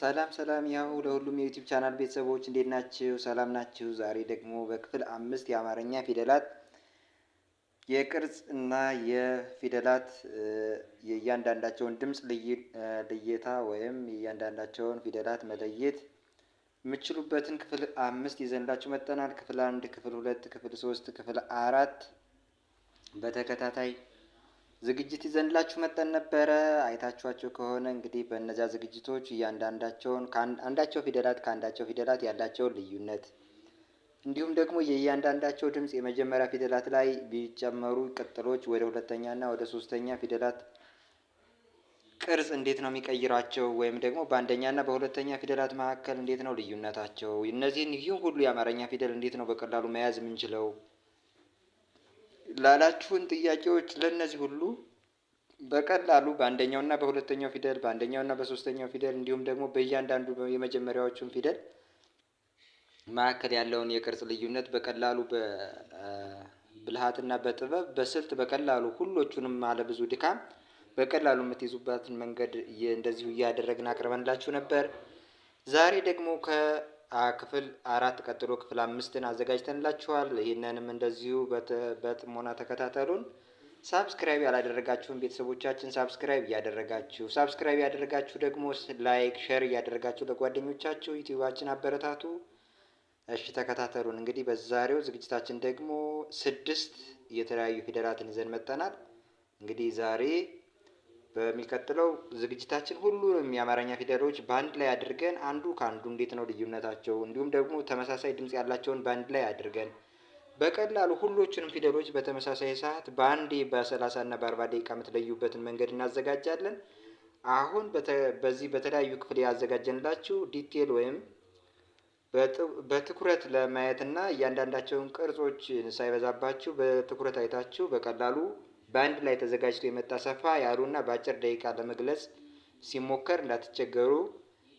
ሰላም ሰላም ያው ለሁሉም የዩቲዩብ ቻናል ቤተሰቦች እንዴት ናችሁ? ሰላም ናችሁ? ዛሬ ደግሞ በክፍል አምስት የአማርኛ ፊደላት የቅርጽ እና የፊደላት የእያንዳንዳቸውን ድምፅ ልየታ ወይም የእያንዳንዳቸውን ፊደላት መለየት የምችሉበትን ክፍል አምስት ይዘንላችሁ መጠናል። ክፍል አንድ፣ ክፍል ሁለት፣ ክፍል ሶስት፣ ክፍል አራት በተከታታይ ዝግጅት ይዘንላችሁ መጠን ነበረ። አይታችኋቸው ከሆነ እንግዲህ በእነዚያ ዝግጅቶች እያንዳንዳቸውን አንዳቸው ፊደላት ከአንዳቸው ፊደላት ያላቸውን ልዩነት እንዲሁም ደግሞ የእያንዳንዳቸው ድምፅ የመጀመሪያ ፊደላት ላይ ቢጨመሩ ቅጥሎች ወደ ሁለተኛና ወደ ሶስተኛ ፊደላት ቅርጽ እንዴት ነው የሚቀይሯቸው? ወይም ደግሞ በአንደኛና በሁለተኛ ፊደላት መካከል እንዴት ነው ልዩነታቸው? እነዚህን ይህን ሁሉ የአማርኛ ፊደል እንዴት ነው በቀላሉ መያዝ የምንችለው? ላላችሁን ጥያቄዎች ለእነዚህ ሁሉ በቀላሉ በአንደኛውና በሁለተኛው ፊደል በአንደኛውና በሶስተኛው ፊደል እንዲሁም ደግሞ በእያንዳንዱ የመጀመሪያዎቹን ፊደል መካከል ያለውን የቅርጽ ልዩነት በቀላሉ በብልሃትና በጥበብ በስልት በቀላሉ ሁሎቹንም አለ ብዙ ድካም በቀላሉ የምትይዙበትን መንገድ እንደዚሁ እያደረግን አቅርበንላችሁ ነበር። ዛሬ ደግሞ ከ ክፍል አራት ቀጥሎ ክፍል አምስትን አዘጋጅተንላችኋል። ይህንንም እንደዚሁ በጥሞና ተከታተሉን። ሳብስክራይብ ያላደረጋችሁን ቤተሰቦቻችን ሳብስክራይብ እያደረጋችሁ ሳብስክራይብ ያደረጋችሁ ደግሞ ላይክ፣ ሼር እያደረጋችሁ ለጓደኞቻችሁ ዩቲዩባችን አበረታቱ። እሺ ተከታተሉን። እንግዲህ በዛሬው ዝግጅታችን ደግሞ ስድስት የተለያዩ ፊደላትን ይዘን መጠናል። እንግዲህ ዛሬ በሚቀጥለው ዝግጅታችን ሁሉንም የአማርኛ ፊደሎች በአንድ ላይ አድርገን አንዱ ከአንዱ እንዴት ነው ልዩነታቸው፣ እንዲሁም ደግሞ ተመሳሳይ ድምፅ ያላቸውን በአንድ ላይ አድርገን በቀላሉ ሁሎችንም ፊደሎች በተመሳሳይ ሰዓት በአንዴ በሰላሳ እና በአርባ ደቂቃ የምትለዩበትን መንገድ እናዘጋጃለን። አሁን በዚህ በተለያዩ ክፍል ያዘጋጀንላችሁ ዲቴል ወይም በትኩረት ለማየትና እያንዳንዳቸውን ቅርጾች ሳይበዛባችሁ በትኩረት አይታችሁ በቀላሉ በአንድ ላይ ተዘጋጅቶ የመጣ ሰፋ ያሉና በአጭር ደቂቃ ለመግለጽ ሲሞከር እንዳትቸገሩ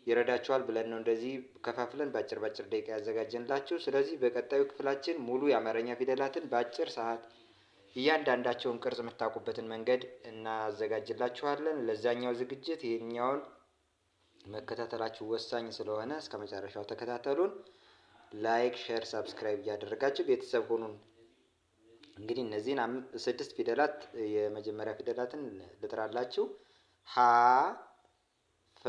ይረዳችኋል ብለን ነው እንደዚህ ከፋፍለን በአጭር በአጭር ደቂቃ ያዘጋጀንላችሁ። ስለዚህ በቀጣዩ ክፍላችን ሙሉ የአማርኛ ፊደላትን በአጭር ሰዓት እያንዳንዳቸውን ቅርጽ የምታውቁበትን መንገድ እናዘጋጅላችኋለን። ለዛኛው ዝግጅት ይህኛውን መከታተላችሁ ወሳኝ ስለሆነ እስከ መጨረሻው ተከታተሉን። ላይክ፣ ሼር፣ ሳብስክራይብ እያደረጋችሁ ቤተሰብ ሆኑን። እንግዲህ እነዚህን ስድስት ፊደላት የመጀመሪያ ፊደላትን ልጥራላችሁ። ሀ ፈ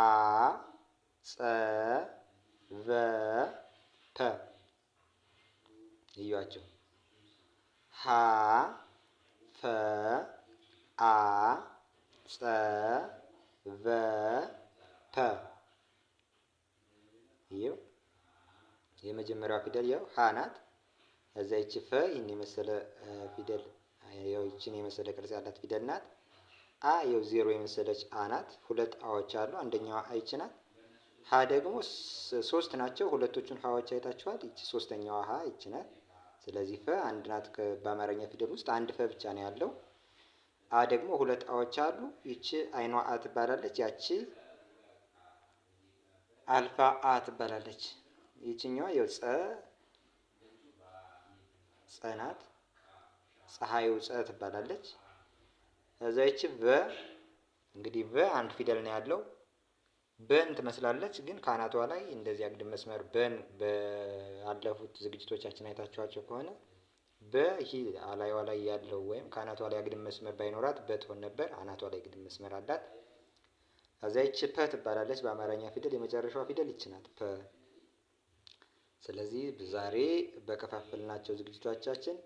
አ ጸ ቨ ፐ እያቸው ሀ ፈ አ ጸ ቨ ፐ ይኸው ፊደል ያው ሀ ናት። ከዛ ይቺ ፈ ይህን የመሰለ ፊደል ያው ይችን የመሰለ ቅርጽ ያላት ፊደል ናት። አ የው ዜሮ የመሰለች አ ናት። ሁለት አዎች አሉ። አንደኛዋ አይች ናት። ሀ ደግሞ ሶስት ናቸው። ሁለቶቹን ሀዎች አይታችኋል። ይቺ ሶስተኛዋ ሀ ይች ናት። ስለዚህ ፈ አንድ ናት። በአማርኛ ፊደል ውስጥ አንድ ፈ ብቻ ነው ያለው። አ ደግሞ ሁለት አዎች አሉ። ይቺ አይኗ አ ትባላለች። ያቺ አልፋ አ ትባላለች። ይችኛዋ የው ጸ ፀናት ፀሐይ ውፀ ትባላለች። እዛይች በ እንግዲህ በ አንድ ፊደል ነው ያለው በን ትመስላለች፣ ግን ከአናቷ ላይ እንደዚህ አግድም መስመር በን በአለፉት ዝግጅቶቻችን አይታችኋቸው ከሆነ በሂ አላይዋ ላይ ያለው ወይም ከአናቷ ላይ አግድም መስመር ባይኖራት በትሆን ነበር። አናቷ ላይ አግድም መስመር አላት። ከዚያች ፐ ትባላለች። በአማርኛ ፊደል የመጨረሻዋ ፊደል ይችናት ፐ ስለዚህ ዛሬ በከፋፈልናቸው ዝግጅቶቻችን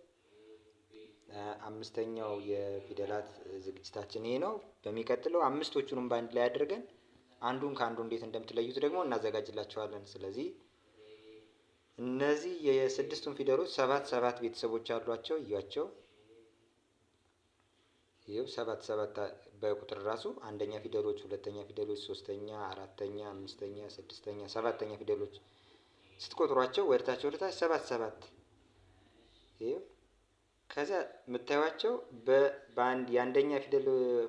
አምስተኛው የፊደላት ዝግጅታችን ይሄ ነው። በሚቀጥለው አምስቶቹንም በአንድ ላይ አድርገን አንዱን ከአንዱ እንዴት እንደምትለዩት ደግሞ እናዘጋጅላቸዋለን። ስለዚህ እነዚህ የስድስቱን ፊደሎች ሰባት ሰባት ቤተሰቦች አሏቸው። እያቸው ይኸው ሰባት ሰባት በቁጥር ራሱ አንደኛ ፊደሎች፣ ሁለተኛ ፊደሎች፣ ሶስተኛ፣ አራተኛ፣ አምስተኛ፣ ስድስተኛ፣ ሰባተኛ ፊደሎች ስትቆጥሯቸው ወደታች ወደታች ሰባት ሰባት ከዚያ የምታዩቸው በአንድ የአንደኛ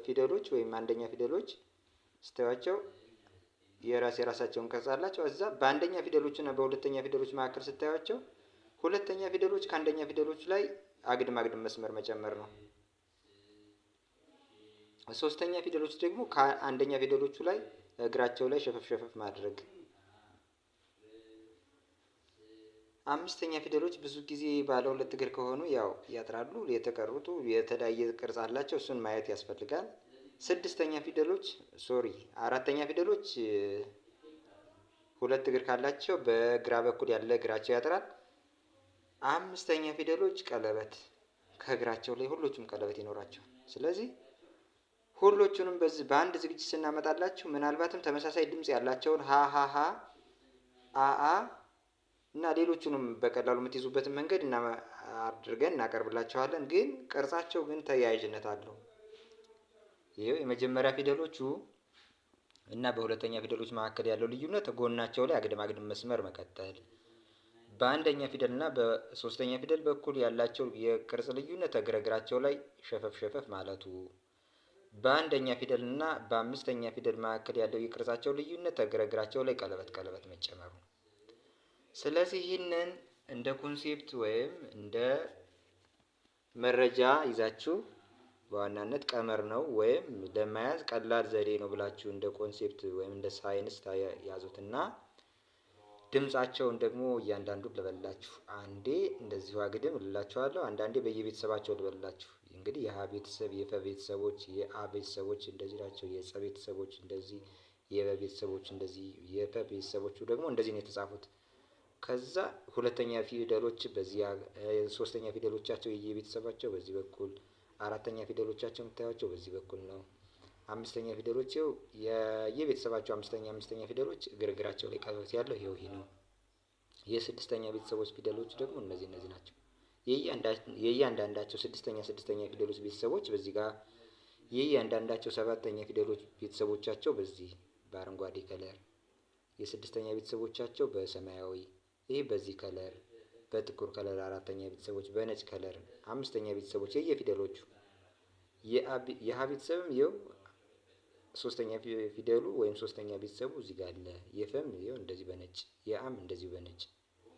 ፊደሎች ወይም አንደኛ ፊደሎች ስታዩቸው የራስ የራሳቸውን ቅርጽ አላቸው። እዛ በአንደኛ ፊደሎች እና በሁለተኛ ፊደሎች መካከል ስታዩቸው ሁለተኛ ፊደሎች ከአንደኛ ፊደሎች ላይ አግድም አግድም መስመር መጨመር ነው። ሶስተኛ ፊደሎች ደግሞ ከአንደኛ ፊደሎቹ ላይ እግራቸው ላይ ሸፈፍ ሸፈፍ ማድረግ አምስተኛ ፊደሎች ብዙ ጊዜ ባለ ሁለት እግር ከሆኑ ያው ያጥራሉ። የተቀሩቱ የተለያየ ቅርጽ አላቸው። እሱን ማየት ያስፈልጋል። ስድስተኛ ፊደሎች ሶሪ አራተኛ ፊደሎች ሁለት እግር ካላቸው በግራ በኩል ያለ እግራቸው ያጥራል። አምስተኛ ፊደሎች ቀለበት ከእግራቸው ላይ ሁሎቹም ቀለበት ይኖራቸዋል። ስለዚህ ሁሎቹንም በዚህ በአንድ ዝግጅት ስናመጣላችሁ ምናልባትም ተመሳሳይ ድምፅ ያላቸውን ሀ ሀ ሀ አ አ እና ሌሎቹንም በቀላሉ የምትይዙበትን መንገድ እና አድርገን እናቀርብላቸዋለን። ግን ቅርጻቸው ግን ተያያዥነት አለው። ይኸው የመጀመሪያ ፊደሎቹ እና በሁለተኛ ፊደሎች መካከል ያለው ልዩነት ጎናቸው ላይ አግድም አግድም መስመር መቀጠል፣ በአንደኛ ፊደል እና በሶስተኛ ፊደል በኩል ያላቸው የቅርጽ ልዩነት እግረግራቸው ላይ ሸፈፍ ሸፈፍ ማለቱ፣ በአንደኛ ፊደል እና በአምስተኛ ፊደል መካከል ያለው የቅርጻቸው ልዩነት ግረግራቸው ላይ ቀለበት ቀለበት መጨመሩ ስለዚህ ይህንን እንደ ኮንሴፕት ወይም እንደ መረጃ ይዛችሁ በዋናነት ቀመር ነው ወይም ለመያዝ ቀላል ዘዴ ነው ብላችሁ እንደ ኮንሴፕት ወይም እንደ ሳይንስ ያዙትና ድምፃቸውን ደግሞ እያንዳንዱ ልበላችሁ። አንዴ እንደዚሁ አግድም ልላችኋለሁ፣ አንዳንዴ በየቤተሰባቸው ልበላችሁ። እንግዲህ የሀ ቤተሰብ፣ የፈ ቤተሰቦች፣ የአ ቤተሰቦች እንደዚህ ናቸው። የጸ ቤተሰቦች እንደዚህ፣ የበ ቤተሰቦች እንደዚህ፣ የፈ ቤተሰቦቹ ደግሞ እንደዚህ ነው የተጻፉት። ከዛ ሁለተኛ ፊደሎች በዚያ ሶስተኛ ፊደሎቻቸው የየቤተሰባቸው በዚህ በኩል አራተኛ ፊደሎቻቸው የምታያቸው በዚህ በኩል ነው። አምስተኛ ፊደሎች ይኸው የየቤተሰባቸው አምስተኛ አምስተኛ ፊደሎች ግርግራቸው ላይ ቀለበት ያለው ይኸው ይሄ ነው። የስድስተኛ ቤተሰቦች ፊደሎች ደግሞ እነዚህ እነዚህ ናቸው። የእያንዳንዳቸው ስድስተኛ ስድስተኛ ፊደሎች ቤተሰቦች በዚህ ጋር የእያንዳንዳቸው ሰባተኛ ፊደሎች ቤተሰቦቻቸው በዚህ በአረንጓዴ ከለር የስድስተኛ ቤተሰቦቻቸው በሰማያዊ ይሄ በዚህ ከለር በጥቁር ከለር አራተኛ ቤተሰቦች በነጭ ከለር አምስተኛ ቤተሰቦች የየፊደሎቹ የሀ ቤተሰብም ይኸው ሶስተኛ ፊደሉ ወይም ሶስተኛ ቤተሰቡ እዚህ ጋር አለ። የፈም ይኸው እንደዚህ በነጭ የአም እንደዚህ በነጭ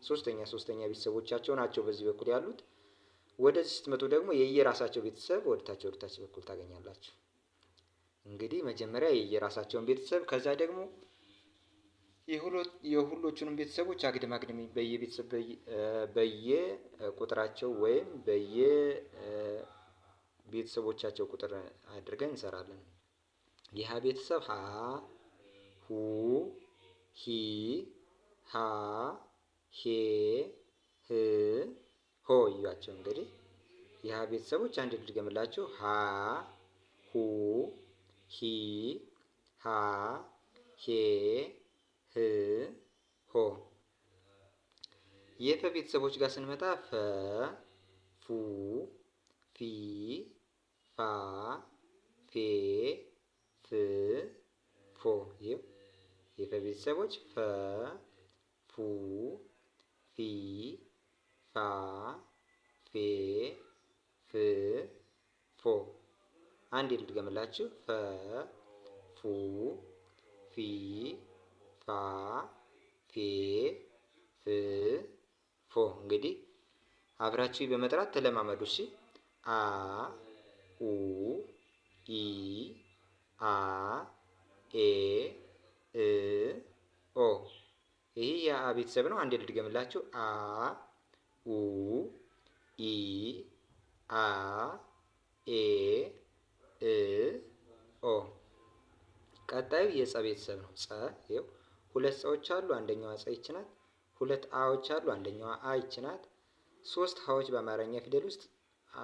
ሶስተኛ ሶስተኛ ቤተሰቦቻቸው ናቸው በዚህ በኩል ያሉት። ወደዚህ ስትመጡ ደግሞ የየራሳቸው ቤተሰብ ወደታች ወደታች በኩል ታገኛላችሁ። እንግዲህ መጀመሪያ የየራሳቸውን ቤተሰብ ከዛ ደግሞ የሁሎቹንም ቤተሰቦች አግድም አግድም በየቤተሰብ በየ ቁጥራቸው ወይም በየ ቤተሰቦቻቸው ቁጥር አድርገን እንሰራለን። የሀ ቤተሰብ ሀ፣ ሁ፣ ሂ፣ ሀ ሄ፣ ህ፣ ሆ እያቸው እንግዲህ የሀ ቤተሰቦች አንድ ልድገምላችሁ። ሀ፣ ሁ፣ ሂ፣ ሀ ሄ ህ ሆ የፈ ቤተሰቦች ጋር ስንመጣ ፈ ፉ ፊ ፋ ፌ ፍ ፎ ይኸው የፈ ቤተሰቦች ፈ ፉ ፊ ፋ ፌ ፍ ፎ አንድ የምትገምላችሁ ፈ ፉ ፊ ፋ ፌ ፍ ፎ እንግዲህ አብራችሁ በመጥራት ተለማመዱ። እሺ አ ኡ ኢ አ ኤ እ ኦ ይህ የአ ቤተሰብ ነው። አንዴ ልድገምላችሁ። አ ኡ ኢ አ ኤ እ ኦ። ቀጣዩ የጸ ቤተሰብ ነው። ጸ ይኸው ሁለት ሰዎች አሉ፣ አንደኛዋ ፀ ይች ናት። ሁለት አዎች አሉ፣ አንደኛዋ አ ይች ናት። ሶስት ሀዎች በአማርኛ ፊደል ውስጥ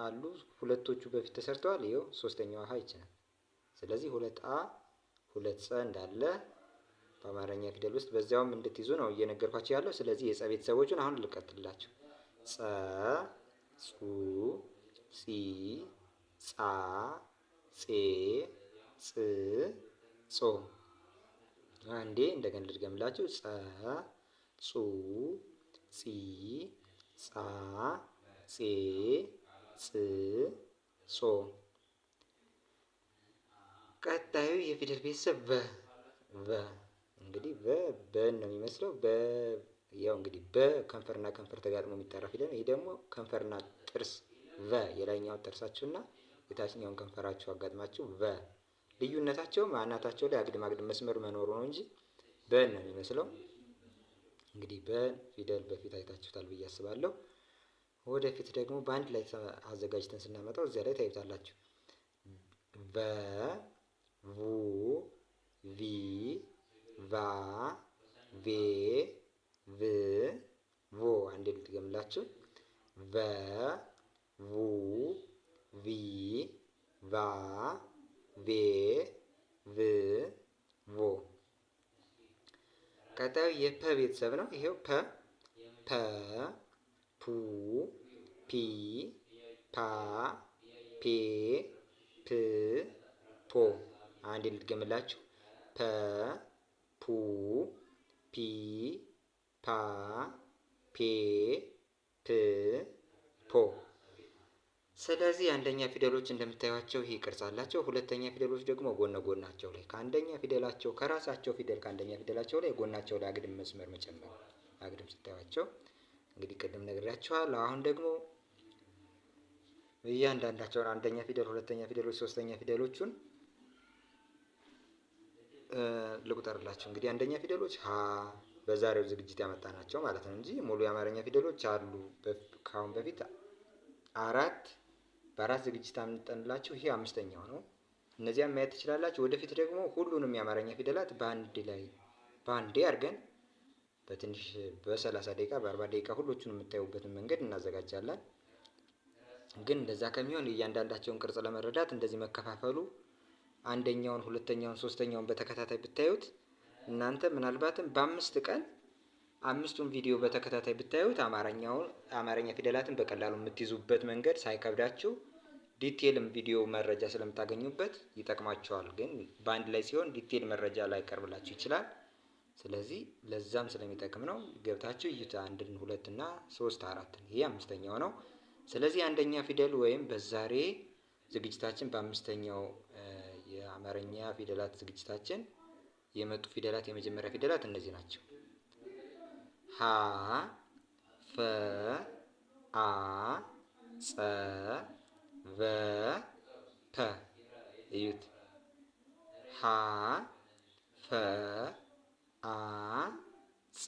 አሉ፣ ሁለቶቹ በፊት ተሰርተዋል። ይኸው ሶስተኛዋ ሀ ይች ናት። ስለዚህ ሁለት አ ሁለት ፀ እንዳለ በአማርኛ ፊደል ውስጥ በዚያውም እንድትይዙ ነው እየነገርኳቸው ያለው። ስለዚህ የፀ ቤተሰቦቹን አሁን ልቀጥልላቸው። ፀ ጹ ጺ ጻ ጼ ፅ ጾ አንዴ እንደገና ልድገምላችሁ። ጸ ጹ ጺ ጻ ጼ ጽ ጾ። ቀጣዩ የፊደል ቤተሰብ በ በ እንግዲህ በ በን ነው የሚመስለው። በ ያው እንግዲህ በ ከንፈርና ከንፈር ተጋጥሞ የሚጠራ ፊደል ነው። ይሄ ደግሞ ከንፈርና ጥርስ ቨ የላይኛው ጥርሳችሁና የታችኛውን ከንፈራችሁ አጋጥማችሁ ቨ ልዩነታቸው አናታቸው ላይ አግድም አግድም መስመር መኖሩ ነው እንጂ በን ነው የሚመስለው። እንግዲህ በን ፊደል በፊት አይታችሁታል ብዬ አስባለሁ። ወደፊት ደግሞ በአንድ ላይ አዘጋጅተን ስናመጣው እዚያ ላይ ታዩታላችሁ። በ ቡ ቪ ቫ ቬ ቭ ቮ አንዴ ልድገምላችሁ። በ ቡ ቪ ቫ ቬ ቭ ቮ። ቀጣዩ የፐ ቤተሰብ ነው። ይሄው ፐ ፐ ፑ ፒ ፓ ፔ ፕ ፖ። አንድ ልድገምላችሁ። ፐ ፑ ፒ ፓ ፔ ፕ ፖ ስለዚህ አንደኛ ፊደሎች እንደምታዩቸው ይሄ ቅርጽ አላቸው። ሁለተኛ ፊደሎች ደግሞ ጎነ ጎናቸው ላይ ከአንደኛ ፊደላቸው ከራሳቸው ፊደል ከአንደኛ ፊደላቸው ላይ ጎናቸው ላይ አግድም መስመር መጨመር አግድም ስታዩቸው እንግዲህ ቅድም ነግሬያችኋለሁ። አሁን ደግሞ እያንዳንዳቸውን አንደኛ ፊደል፣ ሁለተኛ ፊደሎች፣ ሶስተኛ ፊደሎቹን ልቁጠርላቸው። እንግዲህ አንደኛ ፊደሎች ሀ በዛሬው ዝግጅት ያመጣናቸው ማለት ነው እንጂ ሙሉ የአማርኛ ፊደሎች አሉ ከአሁን በፊት አራት በአራት ዝግጅት አምጠንላችሁ ይሄ አምስተኛው ነው። እነዚያም ማየት ትችላላችሁ። ወደፊት ደግሞ ሁሉንም የአማርኛ ፊደላት በአንድ ላይ በአንዴ አድርገን በትንሽ በሰላሳ ደቂቃ በአርባ ደቂቃ ሁሎቹን የምታዩበትን መንገድ እናዘጋጃለን። ግን እንደዛ ከሚሆን እያንዳንዳቸውን ቅርጽ ለመረዳት እንደዚህ መከፋፈሉ አንደኛውን፣ ሁለተኛውን፣ ሶስተኛውን በተከታታይ ብታዩት እናንተ ምናልባትም በአምስት ቀን አምስቱን ቪዲዮ በተከታታይ ብታዩት አማርኛውን አማርኛ ፊደላትን በቀላሉ የምትይዙበት መንገድ ሳይከብዳችሁ ዲቴልም ቪዲዮ መረጃ ስለምታገኙበት ይጠቅማቸዋል። ግን በአንድ ላይ ሲሆን ዲቴል መረጃ ላይ ቀርብላችሁ ይችላል። ስለዚህ ለዛም ስለሚጠቅም ነው ገብታችሁ እዩት። አንድን፣ ሁለት እና ሶስት አራትን። ይሄ አምስተኛው ነው። ስለዚህ አንደኛ ፊደል ወይም በዛሬ ዝግጅታችን በአምስተኛው የአማርኛ ፊደላት ዝግጅታችን የመጡ ፊደላት የመጀመሪያ ፊደላት እነዚህ ናቸው። ሀ ፈ አ ጸ በ ፐ እዩት። ሀ ፈ አ ጸ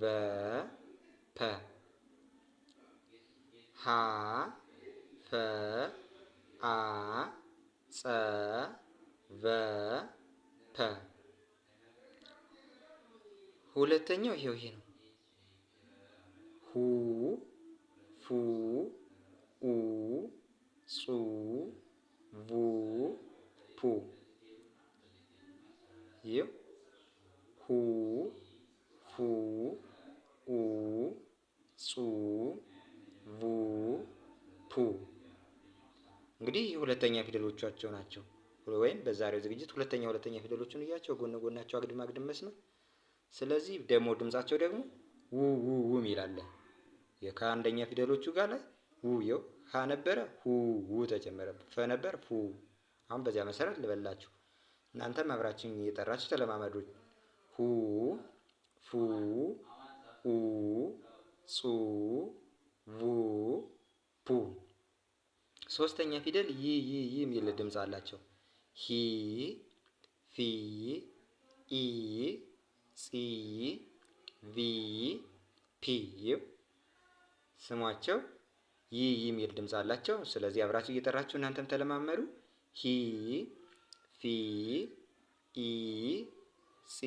በ ፐ ሀ ፈ አ ጸ በ ፐ ሁለተኛው ይሄው ይሄ ነው። ሁ ፉ ኡ ጹ ቡ ፑ ይው ሁ ፉ ኡ ጹ ቡ ፑ እንግዲህ ሁለተኛ ፊደሎቻቸው ናቸው። ወይም በዛሬው ዝግጅት ሁለተኛ ሁለተኛ ፊደሎችን እያቸው ጎን ጎናቸው አግድም አግድም መስመር ስለዚህ ደግሞ ድምጻቸው ደግሞ ው ው ው ይላል። የካ አንደኛ ፊደሎቹ ጋር ላይ ው የው ካ ነበረ ሁ ው ተጨመረ ፈ ነበር ፉ። አሁን በዚያ መሰረት ልበላችሁ። እናንተም አብራችን እየጠራችሁ ተለማመዱ። ሁ ፉ ኡ ጹ ቡ ፑ። ሶስተኛ ፊደል ይ ይ ይ የሚል ድምፅ አላቸው። ሂ ፊ ኢ ሲ ቪ ፒ ስሟቸው ይህ የሚል ድምፅ አላቸው። ስለዚህ አብራችሁ እየጠራችሁ እናንተም ተለማመዱ። ሂ ፊ ኢ ሲ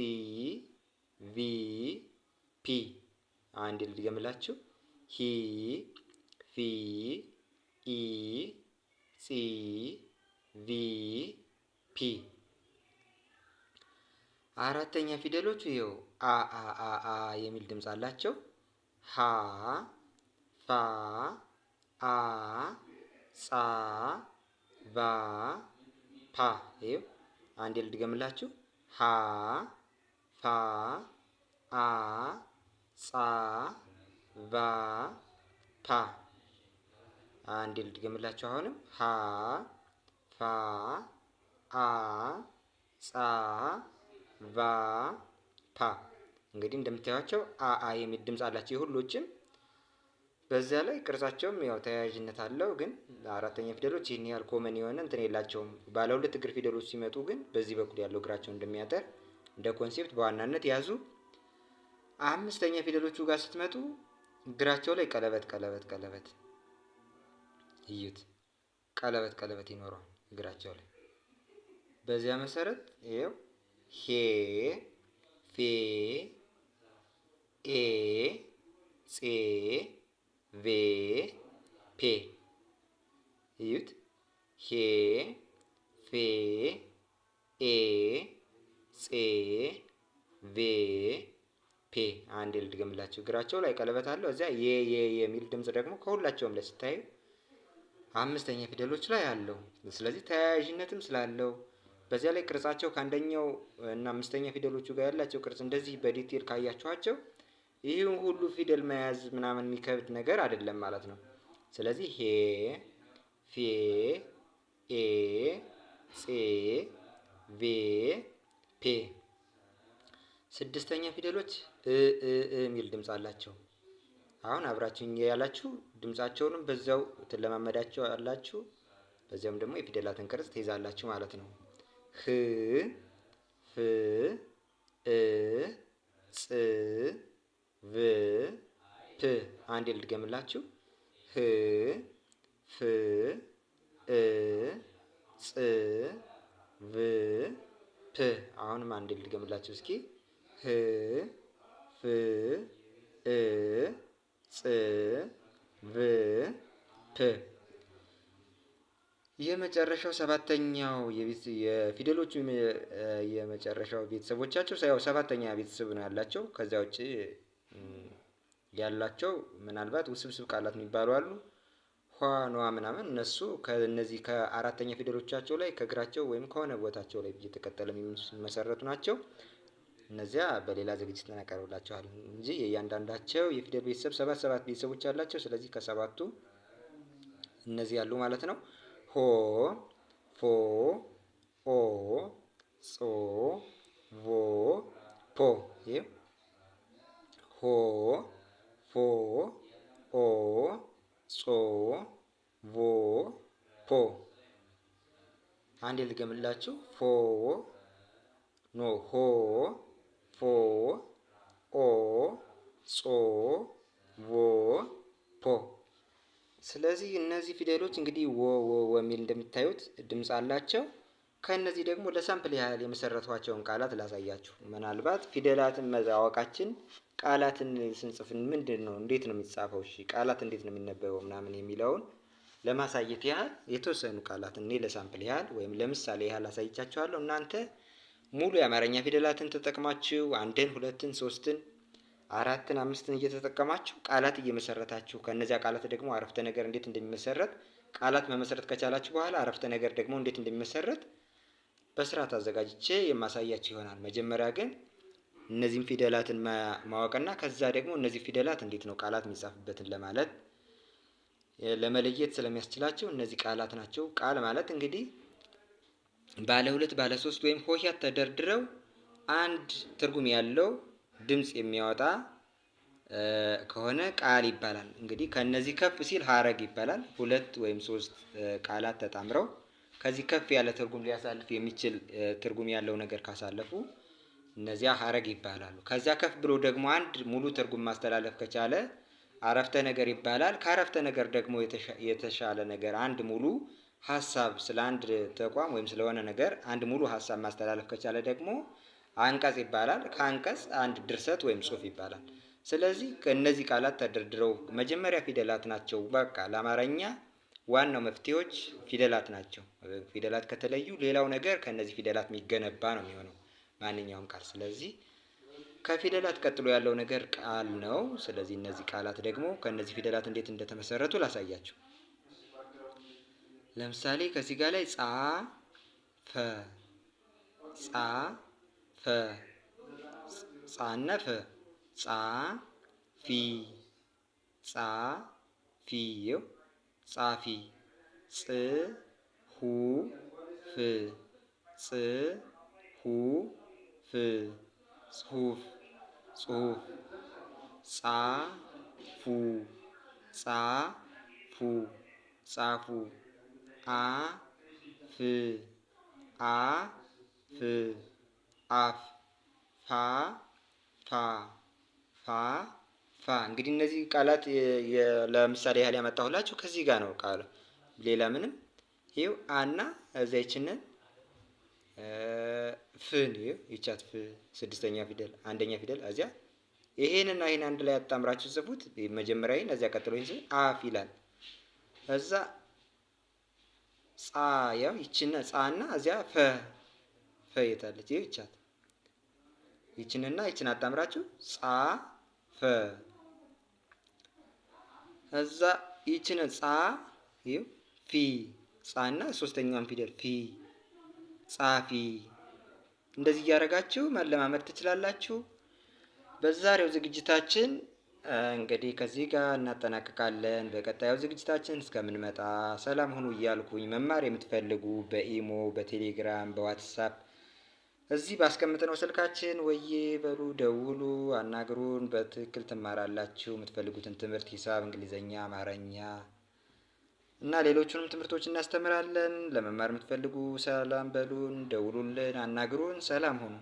ቪ ፒ። አንድ ልድገምላችሁ። ሂ ፊ ኢ ሲ ቪ ፒ አራተኛ ፊደሎቹ ይኸው አ አ አ አ የሚል ድምፅ አላቸው። ሀ ፋ አ ጻ ባ ፓ። ይኸው አንዴ ልድገምላችሁ። ሀ ፋ አ ጻ ባ ፓ። አንዴ ልድገምላችሁ። አሁንም ሀ ፋ አ ጻ ቫ ፓ እንግዲህ እንደምታያቸው አ አ የሚል ድምፅ አላቸው የሁሎችም። በዚያ ላይ ቅርጻቸውም ያው ተያያዥነት አለው፣ ግን አራተኛ ፊደሎች ይህን ያህል ኮመን የሆነ እንትን የላቸውም። ባለ ሁለት እግር ፊደሎች ሲመጡ ግን በዚህ በኩል ያለው እግራቸው እንደሚያጠር እንደ ኮንሴፕት በዋናነት ያዙ። አምስተኛ ፊደሎቹ ጋር ስትመጡ እግራቸው ላይ ቀለበት ቀለበት ቀለበት እዩት፣ ቀለበት ቀለበት ይኖረዋል እግራቸው ላይ። በዚያ መሰረት ይኸው ሄ ፌ ኤ ጼ ቬ ፔ እዩት። ሄ ፌ ኤ ጼ ቬ ፔ አንድ ልድገምላቸው። እግራቸው ላይ ቀለበት አለው። እዚያ የ የ የሚል ድምጽ ደግሞ ከሁላቸውም ላይ ስታዩ አምስተኛ ፊደሎች ላይ አለው። ስለዚህ ተያያዥነትም ስላለው በዚያ ላይ ቅርጻቸው ከአንደኛው እና አምስተኛ ፊደሎቹ ጋር ያላቸው ቅርጽ እንደዚህ በዲቴል ካያችኋቸው ይህን ሁሉ ፊደል መያዝ ምናምን የሚከብድ ነገር አይደለም ማለት ነው። ስለዚህ ሄ፣ ፌ፣ ኤ፣ ጼ፣ ቬ፣ ፔ ስድስተኛ ፊደሎች እ እ እ የሚል ድምፅ አላቸው። አሁን አብራችሁ ያላችሁ ድምፃቸውንም በዛው ትለማመዳቸው አላችሁ። በዚያም ደግሞ የፊደላትን ቅርጽ ትይዛላችሁ ማለት ነው። ህ ፍ እ ፅ ብ ፕ አንዴ ልድገምላችሁ። ህ ፍ እ ፅ ብ ፕ አሁንም አንዴ ልድገምላችሁ እስኪ ህ ፍ እ ፅ ብ ፕ የመጨረሻው ሰባተኛው የፊደሎቹ የመጨረሻው ቤተሰቦቻቸው ያው ሰባተኛ ቤተሰብ ነው ያላቸው። ከዚያ ውጭ ያላቸው ምናልባት ውስብስብ ቃላት የሚባሉ አሉ። ኳ ነዋ ምናምን እነሱ ከነዚህ ከአራተኛ ፊደሎቻቸው ላይ ከእግራቸው ወይም ከሆነ ቦታቸው ላይ እየተቀጠለ የሚመሰረቱ ናቸው። እነዚያ በሌላ ዝግጅት እናቀርብላቸዋል እንጂ የእያንዳንዳቸው የፊደል ቤተሰብ ሰባት ሰባት ቤተሰቦች አላቸው። ስለዚህ ከሰባቱ እነዚህ ያሉ ማለት ነው። ሆ ፎ ኦ ጾ ቮ ፖ ይህ ሆ ፎ ኦ ጾ ቮ ፖ አንዴ ልገምላችሁ ፎ ኖ ሆ ፎ ኦ ጾ ቮ ፖ ስለዚህ እነዚህ ፊደሎች እንግዲህ ወ ወ ወ የሚል እንደምታዩት ድምፅ አላቸው። ከእነዚህ ደግሞ ለሳምፕል ያህል የመሰረቷቸውን ቃላት ላሳያችሁ። ምናልባት ፊደላትን መዛወቃችን ቃላትን ስንጽፍ ምንድን ነው እንዴት ነው የሚጻፈው፣ እሺ ቃላት እንዴት ነው የሚነበበው ምናምን የሚለውን ለማሳየት ያህል የተወሰኑ ቃላት እኔ ለሳምፕል ያህል ወይም ለምሳሌ ያህል አሳይቻችኋለሁ። እናንተ ሙሉ የአማርኛ ፊደላትን ተጠቅማችሁ አንድን፣ ሁለትን፣ ሶስትን አራትን አምስትን እየተጠቀማችሁ ቃላት እየመሰረታችሁ ከነዚያ ቃላት ደግሞ አረፍተ ነገር እንዴት እንደሚመሰረት ቃላት መመሰረት ከቻላችሁ በኋላ አረፍተ ነገር ደግሞ እንዴት እንደሚመሰረት በስርዓት አዘጋጅቼ የማሳያችሁ ይሆናል። መጀመሪያ ግን እነዚህም ፊደላትን ማወቅና ከዛ ደግሞ እነዚህ ፊደላት እንዴት ነው ቃላት የሚጻፍበትን ለማለት ለመለየት ስለሚያስችላቸው እነዚህ ቃላት ናቸው። ቃል ማለት እንግዲህ ባለ ሁለት ባለ ሶስት ወይም ሆሄያት ተደርድረው አንድ ትርጉም ያለው ድምፅ የሚያወጣ ከሆነ ቃል ይባላል። እንግዲህ ከነዚህ ከፍ ሲል ሀረግ ይባላል። ሁለት ወይም ሶስት ቃላት ተጣምረው ከዚህ ከፍ ያለ ትርጉም ሊያሳልፍ የሚችል ትርጉም ያለው ነገር ካሳለፉ እነዚያ ሀረግ ይባላሉ። ከዚያ ከፍ ብሎ ደግሞ አንድ ሙሉ ትርጉም ማስተላለፍ ከቻለ አረፍተ ነገር ይባላል። ከአረፍተ ነገር ደግሞ የተሻለ ነገር አንድ ሙሉ ሀሳብ ስለ አንድ ተቋም ወይም ስለሆነ ነገር አንድ ሙሉ ሀሳብ ማስተላለፍ ከቻለ ደግሞ አንቀጽ ይባላል። ከአንቀጽ አንድ ድርሰት ወይም ጽሁፍ ይባላል። ስለዚህ እነዚህ ቃላት ተደርድረው መጀመሪያ ፊደላት ናቸው። በቃ ለአማርኛ ዋናው መፍትሄዎች ፊደላት ናቸው። ፊደላት ከተለዩ ሌላው ነገር ከእነዚህ ፊደላት የሚገነባ ነው የሚሆነው ማንኛውም ቃል። ስለዚህ ከፊደላት ቀጥሎ ያለው ነገር ቃል ነው። ስለዚህ እነዚህ ቃላት ደግሞ ከእነዚህ ፊደላት እንዴት እንደተመሰረቱ ላሳያቸው። ለምሳሌ ከዚህ ጋር ላይ ጻፈ ጻ ፈ ጻነ ጻ ፊ ጻ ፊው ጻፊ ጽ ሁ ፍ ጽ ሁ ፍ ጽሁፍ ጽሁፍ ጻ ፉ ጻ ፉ ጻፉ አ ፍ አ ፍ አፍ ፋ ፋ ፋ ፋ። እንግዲህ እነዚህ ቃላት ለምሳሌ ያህል ያመጣሁላችሁ ከዚህ ጋር ነው ቃሉ። ሌላ ምንም ይው አና እዛይችንን ፍን ይቻት ፍ ስድስተኛ ፊደል አንደኛ ፊደል እዚያ ይሄንና ይሄን አንድ ላይ አጣምራችሁ ጽፉት። መጀመሪያ ይሄን እዚያ ቀጥሎ ይሄን አፍ ይላል። እዛ ጻ ያው ይችና ጻና እዚያ ፈ ፈየታለች ይህ ይቻት ይችንና ይችን አጣምራችሁ ጻ ፈ እዛ ይችን ጻ ይው ፊ ጻና ሶስተኛውን ፊደል ፊ ጻፊ እንደዚህ እያደረጋችሁ መለማመድ ትችላላችሁ። በዛሬው ዝግጅታችን እንግዲህ ከዚህ ጋር እናጠናቅቃለን። በቀጣዩ ዝግጅታችን እስከምንመጣ ሰላም ሁኑ እያልኩኝ መማር የምትፈልጉ በኢሞ፣ በቴሌግራም፣ በዋትሳፕ እዚህ ባስቀምጥነው ስልካችን ወዬ በሉ ደውሉ፣ አናግሩን። በትክክል ትማራላችሁ የምትፈልጉትን ትምህርት ሂሳብ፣ እንግሊዘኛ፣ አማርኛ እና ሌሎቹንም ትምህርቶች እናስተምራለን። ለመማር የምትፈልጉ ሰላም በሉን፣ ደውሉልን፣ አናግሩን። ሰላም ሁኑ።